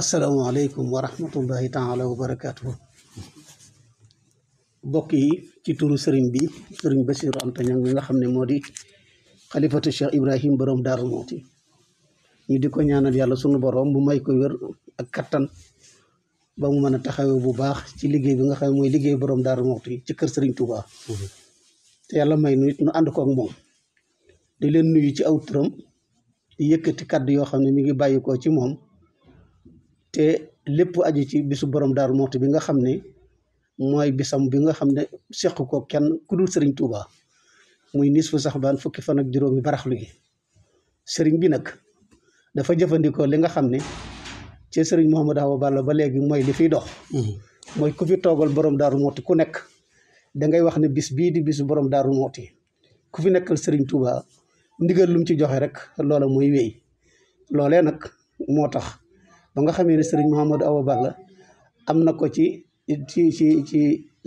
asalaamaaleykum wa rahmatullahi taala wa barakaatu mbokk yi ci turu sëriñ bi sëriñ Bachir Anta Niang mi nga xam ne moo di xalifatu Cheikh Ibrahim borom Daaru Muxti ñu di ko ñaanal yàlla sunu borom bu may ko wér ak kattan ba mu mën a taxawee bu baax ci liggéey bi nga xam ne mooy liggéey boroom Daaru Muxti ci kër sëriñ Touba. Mhm. te yàlla may nu it nu ànd ko moom di leen nuyu ci aw turam di yëkkati yoo xam ne mi ngi bàyyi ko ci moom. te lépp aju ci bisu borom daaru moxti bi nga xam ne mooy bisam bi nga xam ne seq ko kenn ku dul sëriñ Touba muy nis fu sax baan fukki fan ak juróomi baraxlu gi sëriñ bi nag dafa jëfandikoo li nga xam ni ci sëriñ Mouhamadou Awa Balla ba léegi mooy li fiy dox mm-hmm. mooy ku fi toogal borom daaru moxti ku nekk dangay wax ne bis bii di bisu borom daaru moxti ku fi nekkal sëriñ Touba ndigal lu mu ci joxe rek loola mooy wéy loolee nag moo tax ba nga xamee ne sëriñ Mouhamadou Awa Balla am na ko ci ci ci ci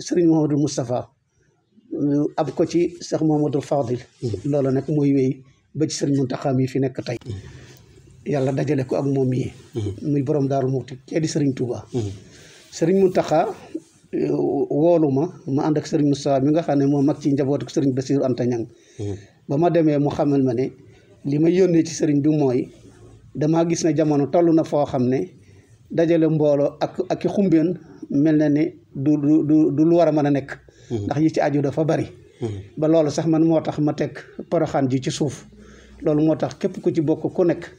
sëriñ Mouhamadou Moustapha euh, ab ko ci Cheikh Mouhamadou Fadil mm-hmm. loolu nag mooy wéy ba ci sëriñ Mountakha mi fi nekk tey mm-hmm. yàlla dajale ko ak moom yi mm-hmm. muy borom Daaru Muxti kee di sëriñ Touba sëriñ Mountakha euh, woolu ma ma ànd ak sëriñ Moustapha mi nga xam ne moo mag ci njabootu sëriñ Bassirou Anta Niang ba ma demee mu xamal ma ne li ma yónnee ci sëriñ bi mooy damaa gis ne jamono toll na foo xam ne dajale mbooloo ak ak i mel na ni du du du lu war a mën a nekk. Mhm. ndax yi ci aju dafa bari. Mhm. ba loolu sax man moo tax ma teg poroxaan ji ci suuf loolu moo tax képp ku ci bokk ku nekk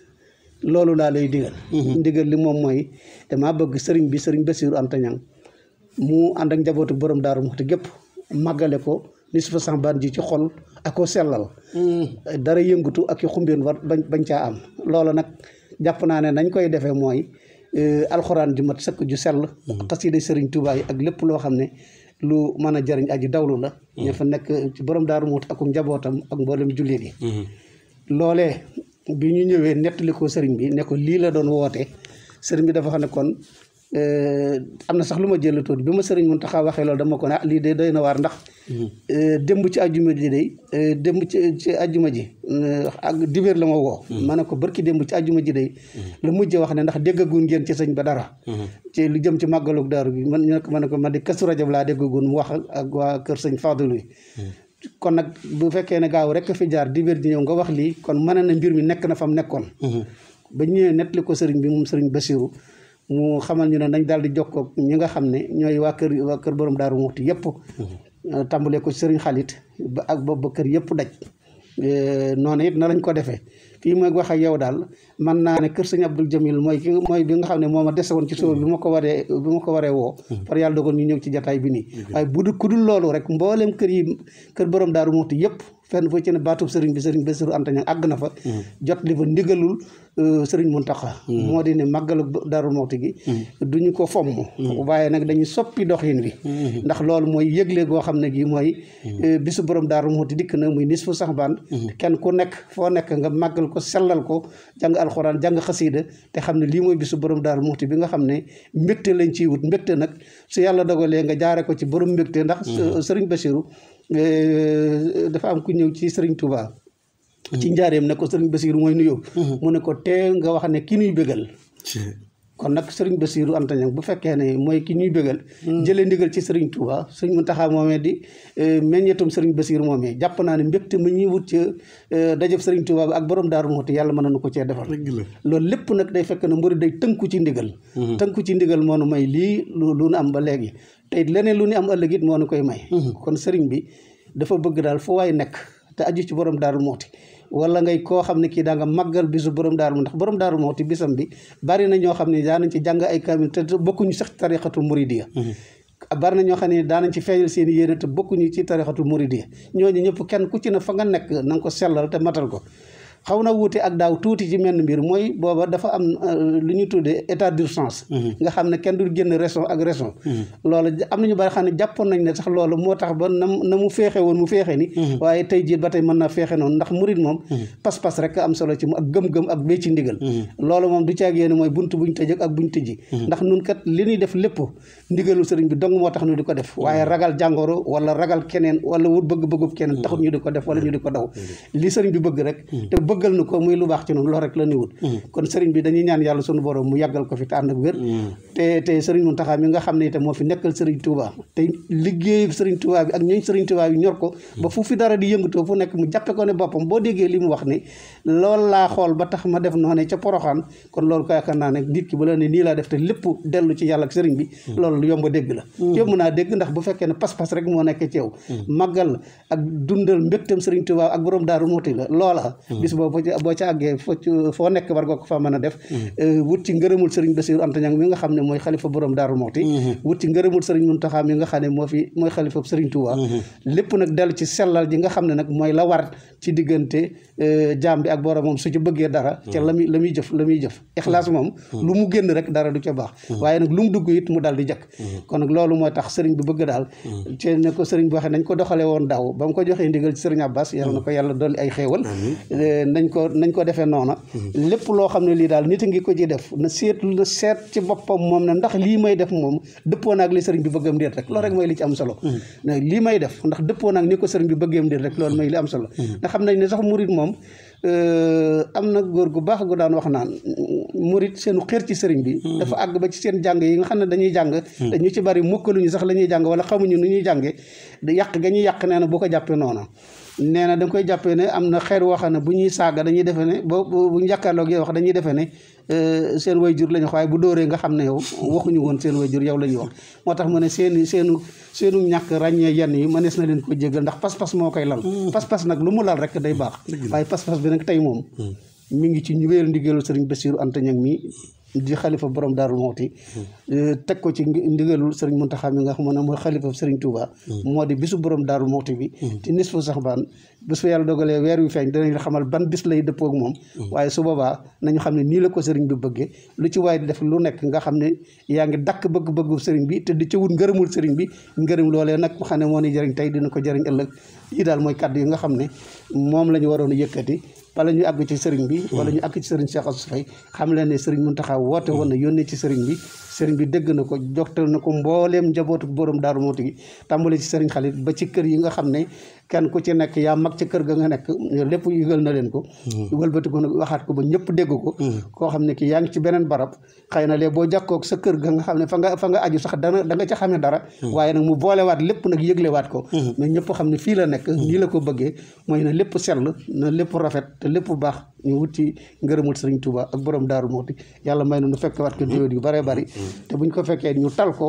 loolu laa lay digal. Mhm. ndigal li moom mooy damaa bëgg sëriñ bi sëriñ Bassirou Anta Niang mu ànd ak njabootu borom Daaru Muxti gépp màggale ko. nisfa saxbaan ji ci xol ak ko sellal mm. dara yëngatu ak i xumbeen ba bañ bañ caa am loola nag jàpp naa ne nañ koy defe mooy eh, alxuraan ju mat sëkk ju sell mm. xasida sëriñ Tuubaa yi ak lépp loo xam ne lu mën a jëriñ aji dawlu la mm. ñu fa nekk ci borom daaru muut akum njabootam ak mboolem jullit yi mm-hmm. loolee bi ñu ñëwee nettali ko sëriñ bi ne ko lii la doon woote sëriñ bi dafa xam ne kon Euh, am na sax lu ma jël jëlatoon bi ma sëriñ mun taxa waxee loolu dama ko ne ah, lii de doy na waar ndax mhm. euh, démb ci ajjuma ji day euh, dëmb ci ci ajjuma ji ak dibéer la woo mhm. ma ne ko barki démb ci ajjuma ji day mhm. la mujjee wax ne ndax déggagun ngeen ci sëñ ba dara ci lu jëm ci màggalu daaru bi man ñu ne ko ma ne ko man di Kazu Rajab laa dégg déggagun mu wax ak waa kër sëñ Fadlu yi kon nag bu fekkee ne gaaw rek fi jaar dibéer ji ñëw nga wax lii kon mën na mbir mi nekk na fam nekkoon ba ñëwee nettali ko sëriñ bi moom sëriñ Basiru mu xamal ñu ne nañ daal di jokkoo ñi nga xam ne ñooy waa kër waa kër borom daaru muxti yëpp mm-hmm. eh, tàmbalee ko sëriñ xalit ba ak boobu ba kër yëpp daj eh, noonu yi na lañ ko defee fii mooy wax ak yow daal man naa ne kër sëñ Abdul Jamil mooy ki bi nga xam ne moo ma dese woon ci suba bi ma ko waree bi ma ko waree woo par mm-hmm. yàlla dogal ñu ñëw ci jataay bi nii mm-hmm. waaye bu du ku dul loolu rek mbooleem kër yi kër borom daaru muxti yëpp fenn fu ci ne baatub sëriñ bi sëriñ Bassirou Anta Niang àgg na fa mm. jot li fa ndigalul euh, sëriñ Mountakha mm. moo di ne màggalu Darou Mouhty gi mm. duñu ko fomm waaye nag dañuy soppi doxin bi ndax loolu mooy yëgle goo xam ne gi mooy euh, bisu borom Darou Mouhty dikk na muy nisfu saxbaan kenn ku nekk foo nekk nga màggal ko sellal ko jàng alxuraan jàng xasiida te xam ne lii mooy bisu borom Darou Mouhty bi nga xam ne mbégte lañ ciy wut mbégte nag su yàlla dogalee nga jaare ko ci borom mbégte ndax sëriñ Bassirou Euh, dafa am ku ñëw ci Serigne Touba. ci njaareem ne ko Serigne Bassirou mooy nuyoo. mu ne ko tee nga wax ne ki nuy bégal. kon nag sëriñ Basiiru Anta Ñaŋ bu fekkee ne mooy ki ñuy bégal hmm. jële ndigal ci sëriñ ñu sëriñ Muntaxa moomee di eh, meññetum sëriñ Basiiru moomee jàpp naa ne mbégte mu ñuy wut ci eh, dajëf sëriñ Touba bi ak borom Daaru Muxti yàlla mën nañu ko cee defal loolu lépp nag day fekk ne mbir day tënku ci ndigal hmm. tënku ci ndigal moo nu may lii lu lu nu am ba léegi tey leneen lu nu am ëllëg it moo nu koy may hmm. kon sëriñ bi dafa bëgg daal fu waay nekk te aju ci borom Daaru Muxti wala ngay koo xam ne kii daa nga màggal bisu borom daaru ndax borom daaru moo ti bisam bi bari na ñoo xam ne daanañ ci jàng ay kaamil te bokkuñu sax tariqatul muridiya mm-hmm. bari na ñoo xam ne daanañ ci feeñal seen yéene te bokkuñu ci tariqatul ñoo ñooñu ñëpp kenn ku ci ne fa nga nekk nanga ko sellal te matal ko xaw na wuute ak daaw tuuti ci menn mbir mooy booba dafa am euh, lu ñu tuddee état d'urgence mhm. nga xam ne kenn du génn raison ak raison mhm. loolu am nañu bari xam ne jàppoon nañ ne sax loolu moo tax ba nam na mu féexe woon mu féexe ni mhm. waaye tey jii ba tey mën naa féexe noonu ndax murit moom pas-pas rek am solo ci mu ak gëm-gëm ak béy ci ndigal loolu moom du caag yéen mooy bunt buñ tëjëk ak buñ tëji ndax nun kat li ñuy def lépp ndigalu sëriñ bi dong moo tax nu di ko def waaye ragal jàngoro wala ragal keneen wala wut bëgg-bëggub keneen taxut ñu di ko def wala ñu di ko daw li sëriñ bi bëgg rek bëggal nu ko muy lu baax ci noonu loolu rek la ñuy wut mm-hmm. kon sëriñ bi dañuy ñaan yàlla sunu borom mu yàggal ko fi te wér mm-hmm. te sëriñ Muntaxa nga xam ne itam moo fi nekkal sëriñ Touba bi ak ñooñ mm-hmm. ba fu ne ma def noonu ca poroxaan kon loolu ko yaakaar naa ne nit nii laa def te lépp dellu ci yàlla sëriñ bi loolu yomb a dégg la yomb naa dégg ndax bu fekkee ne pas-pas rek moo nekk ci yow ak dundal mbégtam sëriñ Touba ak borom daaru muuti la loola bis boobu boo ca àggee fo foo nekk war nga ko fa mën a def mm-hmm. wut ci ngërëmul sëriñ Bassirou Anta Niang mi nga xam ne mooy xalifa borom Daaru Muxti mm-hmm. wut ci ngërëmul sëriñ Muntaxa mi nga ne moo fi mooy xalifa sëriñ Touba mm-hmm. lépp nag dellu ci sellal ji xam ne nag mooy la war ci diggante euh, jaam bi ak boromam su bëggee dara ca la muy la muy jëf la muy jëf ixlaas moom lu mu génn rek dara du ca baax waaye nag lu mu dugg it mu dal di jëkk kon nag loolu moo tax sëriñ bi bëgg daal te ne ko sëriñ bi waxee nañ ko doxale woon daaw ba mu ko joxee ndigal ci sëriñ Abbas yàlla na ko yàlla dolli ay xéewal nañ ko nañ ko defee noona mm-hmm. lépp loo xam ne lii daal nit a ngi ko ci def na seet na seet ci boppam moom ne ndax lii may def moom dëppoo naag li sëriñ bi bëggam déet rek loolu rek mooy li ci am solo mm-hmm. lii may def ndax dëppoo naag ni ko sëriñ bi bëggam déet rek loolu mooy li am solo mm-hmm. ndax xam nañ ne sax murit moom euh, am na góor gu baax gu daan wax naan murit seenu xër ci sëriñ bi dafa àgg ba ci seen jàng yi nga xam ne dañuy jàng dañu ci bari mokkaluñu sax la ñuy jàng wala xamuñu nu ñuy jànge yàq ga ñu yàq nee na boo ko jàppee noona nee na da nga koy jàppee ne am na xeet woo xam ne bu ñuy saaga dañuy defe ne ba bu ñu jàkkaarloog yow wax dañuy defe ne euh, seen way jur la wax waaye bu dóoree nga xam ne yow waxuñu woon seen way jur yow la ñuy wax moo tax mu ne seen seenu seenu ñàkk ràññee yenn yi mënees na leen ko jégal ndax pas-pas moo koy lal mm. pas-pas nag lu mu lal rek day baax waaye pas-pas bi tey moom mm. mi ngi ci ñu wéyal ndigalu sëriñ Bassirou Anta Niang mi di xalifa borom Daaru Muxti hmm. eh, teg ko ci ndigalul sëriñ Muntaxa mi nga xam ne mooy xalifa sëriñ Touba hmm. moo di bisu borom Daaru Muxti bi hmm. ci nisfu saxbaan bis fa yàlla dogalee weer wi feeñ danañ xamal ban bis lay dëppoog moom waaye su boobaa nañu xam ne nii la ko sëriñ bi bëggee lu ci waaye def lu nekk nga xam ne yaa ngi dakk bëgg-bëggu sëriñ bi te di ci wut ngërëmul sëriñ bi ngërëm loolee nag xam ne moo ni jëriñ tey dina ko jëriñ ëllëg daal mooy kàddu yi nga xam ne moom la ñu waroon a yëkkati wala ñu àgg ci sëriñ bi wala ñu àgg ci sëriñ Cheikh Assou Faye xam leen ne sëriñ Mountakha woote woon na yónnee ci sëriñ bi sëriñ bi dégg na ko joxtal na ko mbooleem njabootu borom Daaru Muxti gi tàmbale ci sëriñ xalit ba ci kër yi nga xam ne kenn ku ci nekk yaa mag ci kër ga nga nekk lépp yëgal na leen ko hmm. wëlbati ko nag waxaat ko ba ñëpp dégg ko hmm. koo xam ne ki yaa ngi ci beneen barab xëy na léegi boo jàkkoog sa kër ga nga xam ne fa nga fa nga aju sax dana da nga ca xamee dara hmm. waaye nag mu boole boolewaat lépp nag waat ko mais ñëpp xam ne fii la nekk nii la ko bëggee mooy na lépp sell na lépp rafet te lépp bu baax ñu wuti ngërëmul sëriñ Touba ak borom Daaru Muxti yàlla may na nu fekke waat ko diwéet yu bare bari te buñ ko fekkee ñu tal ko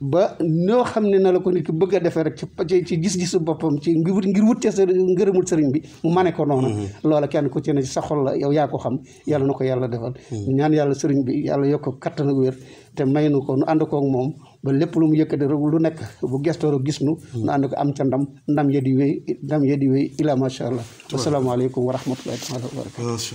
ba ñoo xam ne na la ko nit ki bëgg a defee rek ci ci gis-gisu boppam ci ngir ngir wuttee sa ngërëmul sëriñ bi mu mane ko noonu loola kenn ku ci ne sa xol la yow yaa ko xam yàlla na ko yàlla defal ñaan yàlla sëriñ bi yàlla yokk ko kattan ak wér te may nu ko nu ànd koog moom ba lépp lu mu yëkkati rek lu nekk bu gestooro gis nu nu ànd ko am ca ndam ndam ya di wéy ndam ya di wéy ila macha allah asalaamaaleykum wa rahmatullahi taala wa barakatu